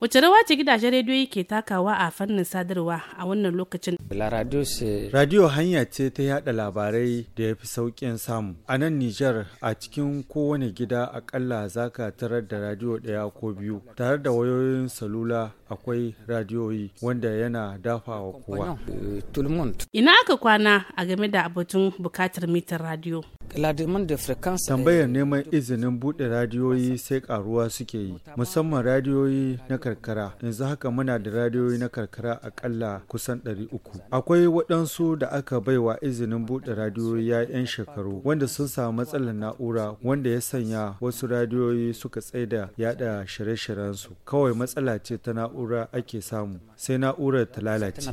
Wace rawa ce gidajen rediyo ke takawa a fannin sadarwa a wannan lokacin? Radio hanya ce ta yada labarai da ya fi sauƙin samu. A nan Nijar a cikin kowane gida akalla za ka tarar da radio ɗaya ko biyu. Tare da wayoyin salula akwai radiyoyi wanda yana dafa wa kowa. Ina aka kwana a game da abutun bukatar mitar radio. Eh, Tambayar neman izinin buɗe radiyoyi sai ƙaruwa suke yi, musamman radiyoyi na karkara. Yanzu haka muna da radiyoyi na karkara akalla kusan 300. Akwai waɗansu da aka baiwa izinin buɗe radiyoyi ya 'yan shekaru wanda sun samu matsalar na'ura wanda ya sanya wasu radiyoyi suka tsaida yada shirye su Kawai matsala ce ta na'ura ake samu sai na'urar ta lalace.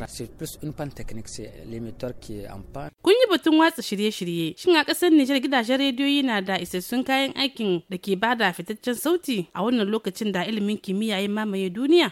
batun watsa shirye-shirye. Shin a ƙasar Nijar gidajen rediyoyi na da isassun kayan aikin da ke bada fitaccen sauti a wannan lokacin da ilimin kimiyya ya mamaye duniya?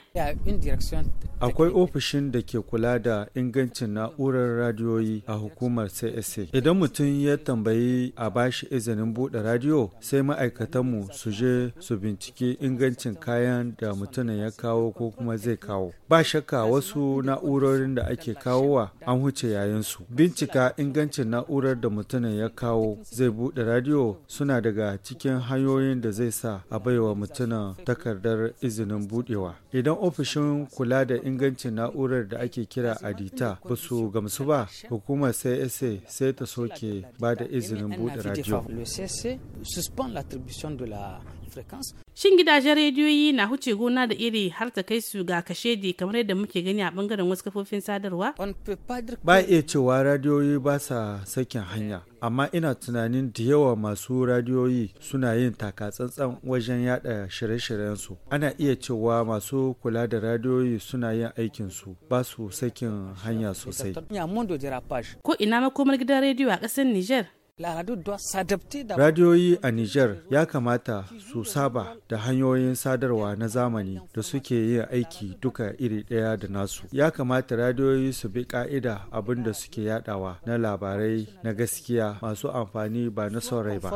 Akwai ofishin da ke kula da ingancin na'urar radiyoyi a hukumar CSA. Idan mutum ya tambayi a bashi izinin buɗe radiyo sai ma'aikatanmu su je su binciki ingancin kayan da mutumin ya kawo ko kuma zai kawo. Ba shakka wasu na'urorin da ake kawowa an huce yayin Bincika ingancin ingancin na'urar da mutumin ya kawo zai bude radiyo suna daga cikin hanyoyin da zai sa a baiwa mutumin takardar izinin budewa Idan ofishin kula da ingancin na'urar da ake kira adita ba su gamsu ba, hukumar css sai ta soke ba da izinin bude radiyo. Shin gidajen rediyoyi na huce gona da iri har ta kai su ga kashedi kamar yadda muke gani a bangaren wasu kafofin sadarwa? Ba iya cewa radiyoyi ba sa sakin hanya, amma ina tunanin da yawa masu radiyoyi suna yin takatsantsan wajen yada shirye shiryen su Ana iya cewa masu kula da radiyoyi suna yin aikinsu ba su sakin hanya sosai. Ko ina makomar gidan rediyo a ƙasar Nijar? Radiyoyi a Nijar ya kamata su saba da hanyoyin sadarwa na zamani da suke yin aiki duka iri ɗaya da nasu. Ya kamata radiyoyi su bi ƙa'ida abin da suke yadawa na labarai na gaskiya masu amfani ba na saurai ba.